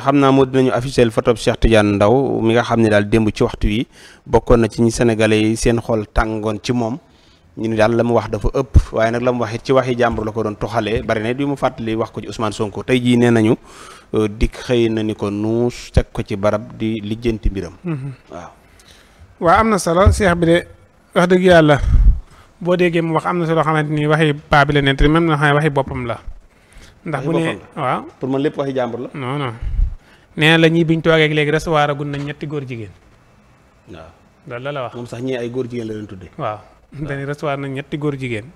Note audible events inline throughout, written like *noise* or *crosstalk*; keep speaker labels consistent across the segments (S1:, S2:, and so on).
S1: xam naa moo dinañu officiel photo Cheikh Tidiane Ndao mi nga xam ne daal démb ci waxtu wi bokkoon na ci ñi sénégalais yi seen xol tàngoon ci moom ñu ni daal la mu wax dafa ëpp waaye nag la mu wax it ci waxi jàmbur la ko doon toxalee bari na du mu fàttali wax ko ci Ousmane Sonko tey jii nee nañu euh, dikk xëy na ni ko nuus teg ko ci barab di lijjanti mbiram. Mm-hmm.
S2: waaw. am na solo Cheikh bi de wax dëgg yàlla boo déggee mu wax am na solo xamante ni waxi paa bi la nekk même na xam waxi boppam la. ndax bu ne
S1: waaw pour man lépp
S2: nee na la ñuy biñ toogeeg léegi recevoir nañ ñetti góor jigéen.
S1: waaw loolu la la wax. moom sax ñii ay góor jigéen la leen tuddee. waaw dañuy
S2: recevoir nañ ñetti góor jigéen.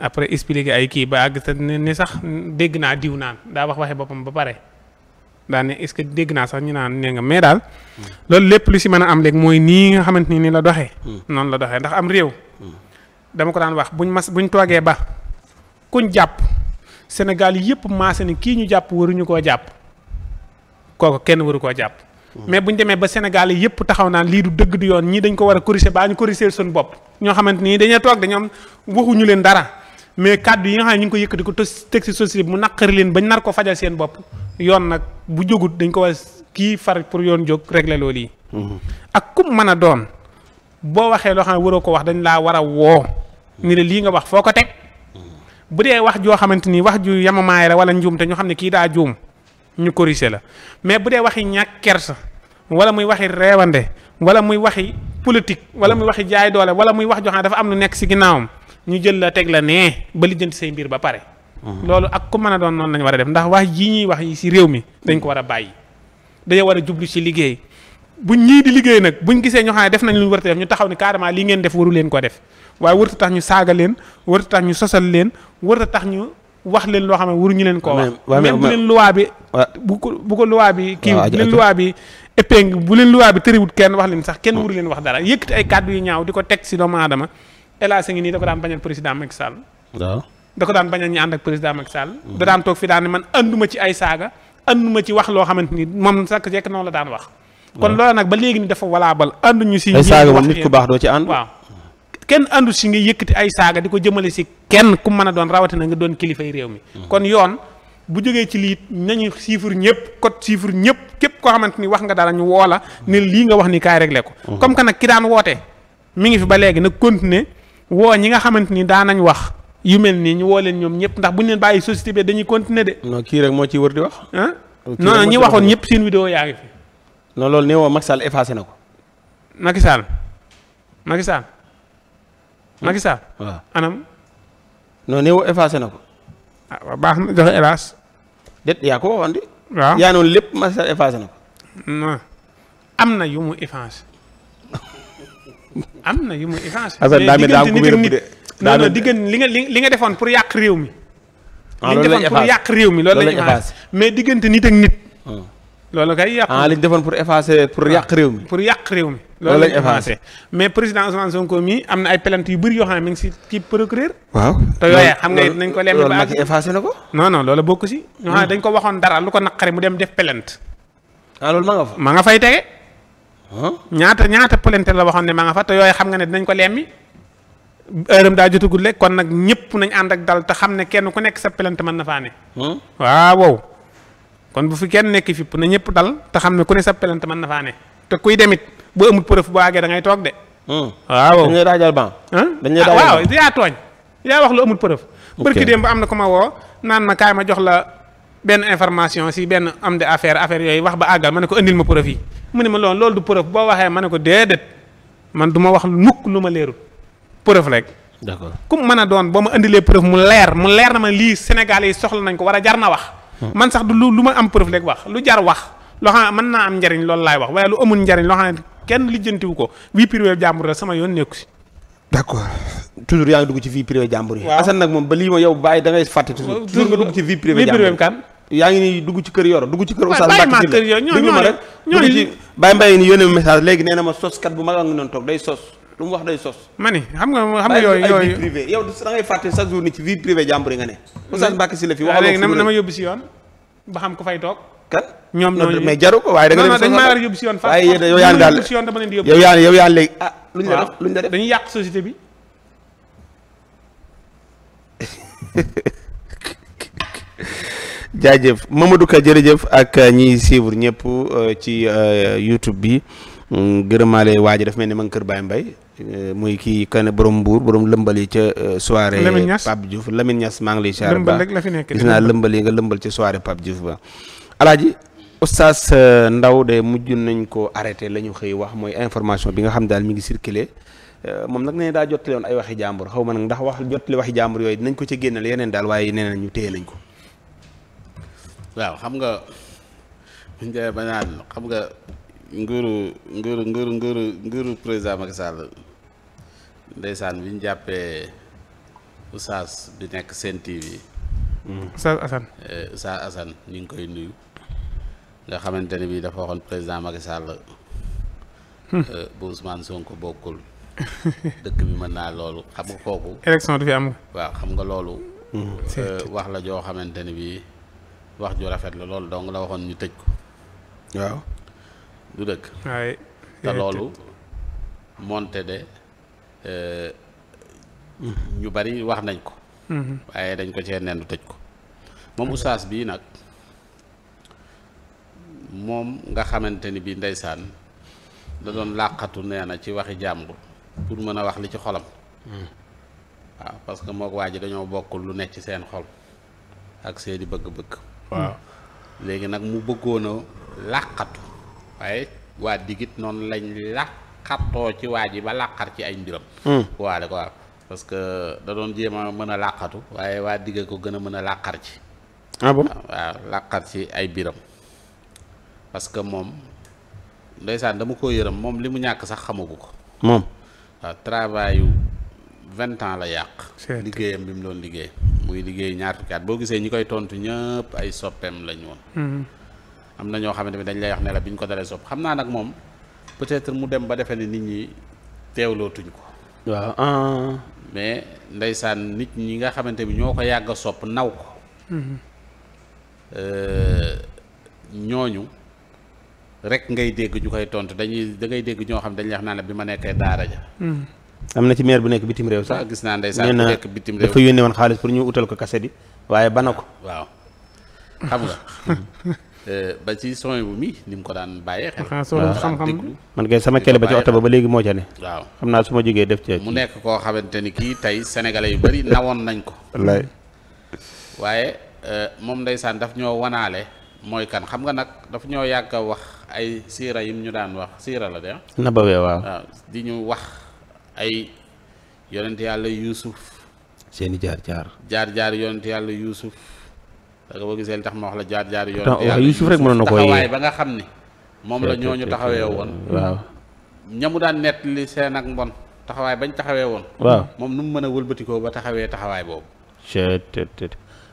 S2: après expliquer ay kii ba àgg te ni sax dégg naa diw naan daa wax waxe boppam ba pare. daa ne est-ce que dégg naa sax ñu naan nee nga mais daal. Hmm. loolu lépp lu si mën a am léegi mooy nii nga xamante ni nii la doxe hmm. noonu la doxee ndax am réew. Hmm. dama ko daan wax buñ mas buñ toogee ba kuñ jàpp Sénégal yëpp maase ni kii ñu jàpp waruñu koo jàpp. kooku kenn waru koo jàpp mais bu ñu demee ba Sénégal yi yëpp taxaw naan lii du dëgg du yoon ñi dañ ko war a corriger baa ñu corriger suñu bopp ñoo xamante nii dañuy toog dañoom waxuñu leen dara mais kàddu yi nga xam ne ñu ngi ko yëkkati ko teg ci société bi mu naqari leen bañ nar ko fajal seen bopp yoon nag bu jógut dañ ko war kii far pour yoon jóg régler loolu yi mm-hmm. ak kum mën a doon boo waxee loo xam ne waroo ko wax dañ laa war a woo ni la lii nga wax foo ko teg mm-hmm. bu dee wax joo xamante nii wax ju yamamaay la wala njuum te ñoo xam ne kii daa juum ñu corrigé la mais bu dee waxi ñàkk kersa wala muy waxi reewande wala muy waxi politique wala muy waxi jaay doole wala muy wax joxaan dafa am lu nekk si ginnaawam ñu jël la teg la nee ba lijjanti say mbir ba pare. loolu ak ku mën a doon noonu lañu war a def ndax wax ji ñuy wax yi si réew mi dañ ko war a bàyyi dañoo war a jublu si liggéey bu ñii di liggéey nag buñ gisee ñoo def nañ lu ñu war a def ñu taxaw ni carrément li ngeen def waru leen ko def waaye leen warut tax ñu leen wax leen loo xam ne waruñu leen koo wax même bu leen luwaa bi bu ko bu ko luwaa bi kii bu leen luwaa bi épeng bu leen luwaa bi tëriwut kenn wax leen sax kenn waru leen wax dara yëkkati ay kàddu yu ñaaw di ko teg si doomu aadama elaase ngi nii da ko daan bañal président Macky Sall waaw da ko daan bañal ñu ànd ak président Macky Sall mm-hmm. da daan toog fi daan ne man anduma ci ay saaga anduma ci wax loo xamante ni moom sax jekk noonu la daan wax kon loolu nag ba léegi ni dafa walaabal anduñu si ay saaga moom nit ku baax doo ci ànd kenn àndu si nga yëkkati ay saaga di ko jëmale si kenn ku mën a doon rawatina nga doon kilifay réew mi mm-hmm. kon yoon bu jógee ci lii nañu siifur ñëpp code siifur ñëpp képp koo xamante ni wax nga dara ñu woo la ne lii nga wax ni kaay réglé ko mm-hmm. comme que nag ki daan woote mi ngi fi ba léegi nag continuer woo ñi nga xamante ni daan nañ wax yu mel nii ñu woo leen ñoom ñëpp ndax bu ñu leen bàyyi société bi dañuy continuer de. kii rek moo ciy war di wax. ah non non ñi waxoon ñëpp seen vidéo yaa ngi fi. non loolu nee woo Macky Sall na ko. Macky Sall Macky Sall. anam. non woo
S1: effacé na ko. ah baax na joxe hélas. déet yaa ko waxoon yaa noonu lépp Macky Sall effacé na
S2: am na yu mu effacé. am na yu mu effacé. asan daa mel daa ko li nga li nga defoon pour yàq réew mi. ah loolu la ñu effacé yàq réew mi la mais diggante nit ak nit. Ah. loolu kay yàq. ah li ñu defoon pour effacer pour ah, yàq réew mi. pour yàq réew mi. loolu lañ effacé mais président Ousmane Sonko mii am na ay pelent yu bëri yoo xam ne mi ngi si kii procureur. waaw te yooyu xam nga nañ ko. lemmi ba ak na ko. non non loolu bokk si. Hmm. dañ ko waxoon dara ko naqari mu dem def plainte. ah loolu ma nga fay tege. ñaata ñaata plainte la waxoon ne ma nga fa yooyu xam nga ne dinañ ko lemmi. heure daa jotagul rek kon nag ñëpp nañ ànd ak dal te xam ne kenn ku nekk sa plainte mën na faa ne. Hmm? waaw wow. kon bu fi kenn nekk fipp na ñëpp dal te xam ne ku ne sa pelante mën na faa ne te kuy demit bu amul preuve bu àggee da toog de.
S1: Hmm. waaw dañ lay daajal ban. dañ lay daajal ah, waaw
S2: yaa tooñ yaa wax lu amul preuve. bërki démb am na ko ma woo naan ma kaay ma jox la benn information si benn am de affaire affaire yooyu wax ba àggal ma ne ko indil ma preuve yi mu ne ma lool loolu du preuve boo waxee ma ne ko déedéet man du ma wax mukk lu ma leerul preuve rek. d'accord ku mu a doon boo ma indilee preuve mu leer mu leer na ma lii Sénégal yi soxla nañ ko war a jar wax. man sax du lu lu ma am preuve wax lu jar wax loo xam ne naa am njariñ lool laay wax waaye lu amul njariñ loo xam ne kenn lijjantiwu ko vie privée jàmbur sama yoon nekku si
S1: d'accord toujours yaa ngi dugg ci vie privée jàmbur yi
S2: Assane nag moom ba lii ma
S1: yow bàyyi da ngay fàtte toujours toujours yaa ngi nii ci kër yoro dugg ci kër Oustaz Mbacke Sylla déglu ma rek dugg ci Baye ma message léegi nee na ma a ngi noonu toog day sos lu mu sos ma ni nga xam nga yooyu yooyu privé yow da ngay fàtte chaque jour ni ci vie privée jàmbur yi nga ne hmm. Oustaz Mbacke Sylla fi wax léegi na ma yóbbu
S2: si yoon ba xam ku fay toog.
S1: kan ñoom ñooñu mais jaru ko waaye da nga dem maa si yoon fa waaye yow yaa daal si yoon dama leen di yóbbu yow yaa yow yaa léegi ah
S2: luñ yàq société bi
S1: *laughs* jaajëf Mamadou Ka jërëjëf ak ñiy suivre ñëpp euh, ci euh, YouTube bi gërëmaale waa ji daf mel ni ma ngi kër Baye Mbaye euh, muy kii kan boroom mbuur borom lëmbal yi ca euh, soirée Pape Diouf Lamine Niass maa ngi lay siyaar ba gis naa lëmbal yi nga lëmbal ca soirée Pape Diouf ba alaaji oustaz euh, Ndaw de mujj nañ ko arrêté la ñu xëy wax mooy information bi nga xam daal mi ngi circulé moom nag nañ daal jottali woon ay waxi jàmbur xaw ma nag ndax wax jottali waxi jàmbur yooyu dinañ ko ci génnal yeneen daal waaye nee nañ ñu téye nañ ko waaw xam nga
S3: buñ demee nguru nguru nguru nguru nguru président Macky Sall ndeysaan bi ñu jàppee Oustaz bi nekk Sen TV.
S2: Hmm. Oustaz Assane.
S3: Eh, Oustaz ñu ngi koy nuyu. nga xamante ne bii dafa waxoon président Macky Sall. Hmm. Eh, bu Ousmane Sonko bokkul. *laughs* dëkk bi mën naa loolu xam nga kooku. élection du fi am. waaw xam nga loolu. Hmm. Eh, wax la joo xamante ne bii wax ju rafet la loolu dong la waxoon ñu tëj ko. waaw du dëkk te loolu moonte de euh, ñu bari wax nañ ko mm-hmm. waaye dañ ko cee nendu tëj ko moom oustaz bii nag moom nga xamante ni bii ndeysaan da doon làqatu nee na ci waxi jàmbur pour mën a wax li ci xolam
S2: mm-hmm.
S3: waaw parce que mook waa ji dañoo bokkul lu nekk ci seen xol ak seeni bëgg-bëgg waaw léegi nag mu bëggoon a làqatu waaye waa digit noonu lañ làqatoo ci waa ji ba làqar ci ay mbiram hmm. waale ko waaw parce que da doon jéem a mën a làqatu waaye waa digg ko gën a mën a làqar ci ah bon waaw làqar ci ay biram parce que moom ndeysaan dama ko yërëm moom li mu ñàkk sax xamagu ko moom waaw travail yu vingt ans la yàq liggéeyam bi mu doon liggéey muy liggéey ñaar boo gisee ñi koy tontu ñëpp ay soppeem lañu woon hmm. am na ñoo xamante ne dañ lay wax ne la bi ñu ko dalee sopp xam naa nag moom peut-être mu dem ba defee ne nit ñi teewlootuñ ko. waaw ah. mais ndeysaan nit ñi nga xamante bi ñoo ko yàgga sopp naw ko. Mm-hmm. Euh, ñooñu rek ngay dégg ñu koy tontu dañuy da ngay dégg ñoo xam dañ lay wax naan la bi ma nekkee daara
S1: ja. Mm-hmm. am na ci maire bu nekk bitim réew sax. Ah, gis naa ndeysaan bu nekk bitim réew dafa yónnee woon xaalis pour ñu utal ko kaset yi waaye ba na ko. waaw xam nga.
S3: *laughs* Euh, ba ci son bu ni mu ko daan bàyyee xel xam-xam
S1: man kay sama kele ba ci oto ba ba léegi moo ca ne waaw xam naa su ma jógee def ci mu
S3: nekk koo xamante ni kii tey sénégalais yu bari nawoon nañ ko wallaay waaye euh, moom ndeysaan daf ñoo wanaale mooy kan xam nga nag daf ñoo yàgg wax ay siira yim ñu daan wax siira la de ah. na bawee waaw waaw di ñu wax ay yonent yàlla yuusuf
S1: seeni jaar jaar
S3: jaar jaar yonent yàlla yuusuf parce que boo gisee li tax ma wax la jaar jaar yoon. yàlla Yuusuf rek mënoon na ko taxawaay ba nga xam ni moom la ñoo ñu taxawee woon. waaw ñamu daan nett li seen ak mbon taxawaay bañ taxawee woon. waaw moom nu mu mën a wëlbatikoo ba taxawee taxawaay boobu.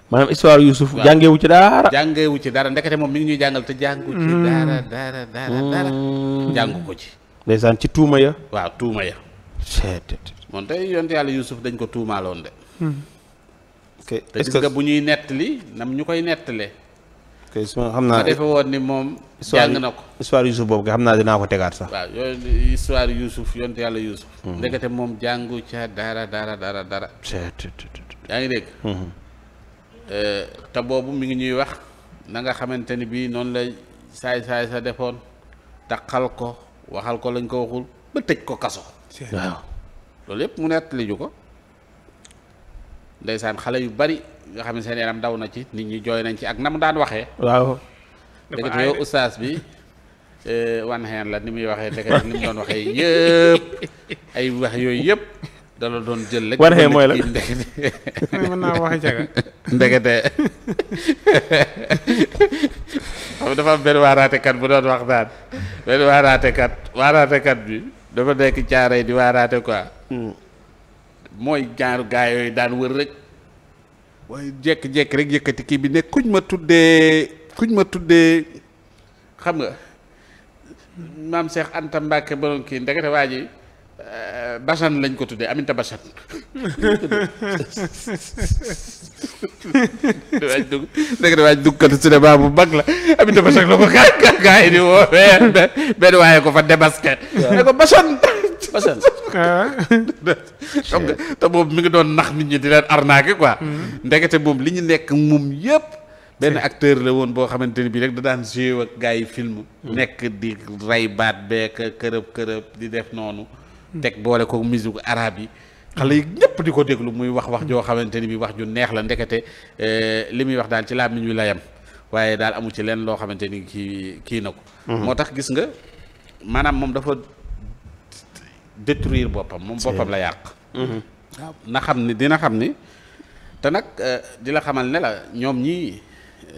S1: maanaam histoire Youssouf jàngewu ci
S3: daara. jàngewu ci daara ndekete moom mi ngi ñuy jàngal te jàngu ci mm. daara daara daara mm. jàngu ko ci.
S1: ndeysaan ci tuuma ya. waaw tuuma ya. moom tey
S3: yonent yàlla Youssouf dañ ko tuumaaloon de.
S2: Mm.
S1: te gis nga bu
S3: ñuy nettali nam ñu koy nettalee.
S1: ok xam naa defe
S3: woon ni moom. jàng na ko
S1: histoire Youssouf boobu nga xam naa dinaa ko tegaat sax.
S3: waaw yooyu histoire Youssouf yonte yàlla Youssouf. Hmm. ndekete moom jàngu ca dara dara dara dara. yaa ngi dégg. Hmm. Euh, te boobu mi ngi ñuy wax na nga xamante ni bii noonu la saay saay sa defoon taqal ko waxal ko lañ ko waxul ba tëj ko kaso. loolu yëpp mu nettali ju ko. ndeysaan xale yu bari nga xam ne seen yaram daw na ci nit ñi jooy nañ ci ak na mu daan waxee. waaw. dëgg yow ustaas bi. Eh, wan la ni muy waxee dëgg ni mu doon wax yooyu yëpp doon jël rek. wan xeen la mën naa waxee ndekete xam dafa benn waaraatekat bu doon wax daan benn waaraatekat waaraatekat bi dafa nekk yi di waaraate quoi. Hmm. mooy gaaru gaa yooyu daan wër rek waaye jékki-jékki rek yëkkati kii bi ne kuñ ma tuddee kuñ ma tuddee xam nga maam Cheikh Anta Mbacke borom kii ndekete waa ji Basan lañ ko tuddee Aminta
S2: Basan. ndekete waa ji duggatu cinéma bu mag la
S3: Aminta Basan la ko gaa gaa yi di woo benn waaye ko fa démasqué. ne ko
S2: Basan. Assane xam nga
S3: te boobu mu ngi doon nax nit ñi di leen arnaqué quoi. Mm-hmm. ndekete boobu li ñu nekk moom yëpp. benn acteur la woon boo xamante ni bii rek da daan joué ak gars yi film. Mm-hmm. nekk di ray baat beek kërëb kërëb di def noonu. Mm-hmm. teg boole ko musique arabe yi. xale yi ñëpp di ko déglu muy wax wax joo xamante ni bii wax ju neex la ndekete eh, li muy wax daal ci làmmiñ wi la yam waaye daal amu ci lenn loo xamante ni kii kii na moo tax gis nga maanaam moom dafa détruire boppam moom boppam la yàq waaw mhm. na xam ni dina xam ni te nag euh, di la xamal ne la ñoom ñii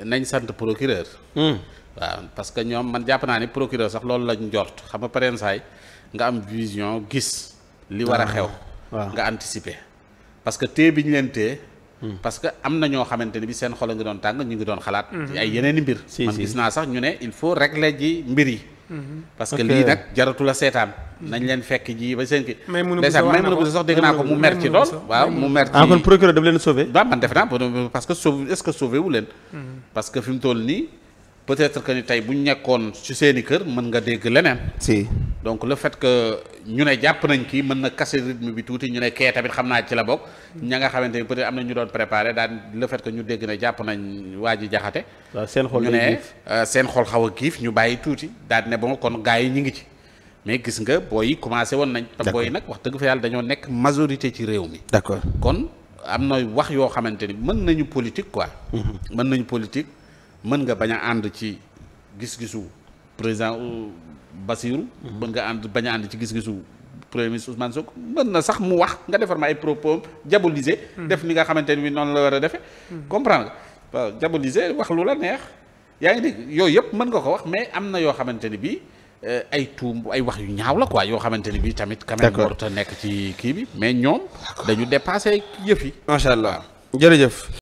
S3: nañ sant procureur mhm. waaw parce que ñoom man jàpp naa ni procureur sax loolu lañ njort xam nga pareen saay nga am vision gis li war a ah, xew nga anticiper parce que tée bi ñu leen tée mhm. parce que am na ñoo xamante ni bi seen xol a ngi doon tàng ñu ngi doon xalaat ci ay yeneeni mbir man gis naa sax ñu ne il faut régler ji mbir yi Mhm. parce que lii nag jaratu la seetaan. nañ leen fekk ji ba seen kii. may mun a bëgg sax dégg naa ko mu mer ci lool. waaw mu mer ci ah kon
S1: procureur daf leen sauvé.
S3: waaw man def naa parce que sauvé est-ce que sauvé wu leen. parce que fi toll nii. peut-être que ni tey bu ñu nekkoon ci seeni kër mën nga dégg leneen. si donc le fait que ñu ne jàpp nañ kii mën na casser rythme bi tuuti ñu ne kee tamit xam naa ci la bokk. ña nga xamante ni peut am na ñu doon préparé daan le fait que ñu dégg ne jàpp nañ waa ji jaxate. seen xol ñu ne euh, seen xol xaw a ñu bàyyi tuuti daan ne bon kon gars yi ñu ngi ci. mais gis nga booy commencé woon nañ. te booy nag wax dëgg fa yàlla dañoo nekk majorité ci réew mi. d'accord kon am na wax yoo xamante ni mën nañu politique quoi. Mm-hmm. mën nañu politique. mën nga bañ a ànd ci gis-gisu président Bassirou mhm. mën nga ànd bañ ànd ci gis-gisu premier ministre Ousmane Sonko mën na sax mu wax nga defar ma ay propos diaboliser mhm. def ni nga xamante ni noonu la war a defee mhm. comprendre nga waaw wax lu la neex yaa ngi dégg yooyu yëpp mën nga ko wax mais am na yoo xamante ni bii euh, ay tuum ay wax yu ñaaw la ko quoi yoo xamante ni bii tamit quand même
S1: a nekk ci kii bi mais ñoom dañu dépassé yëf yi macha allah jërëjëf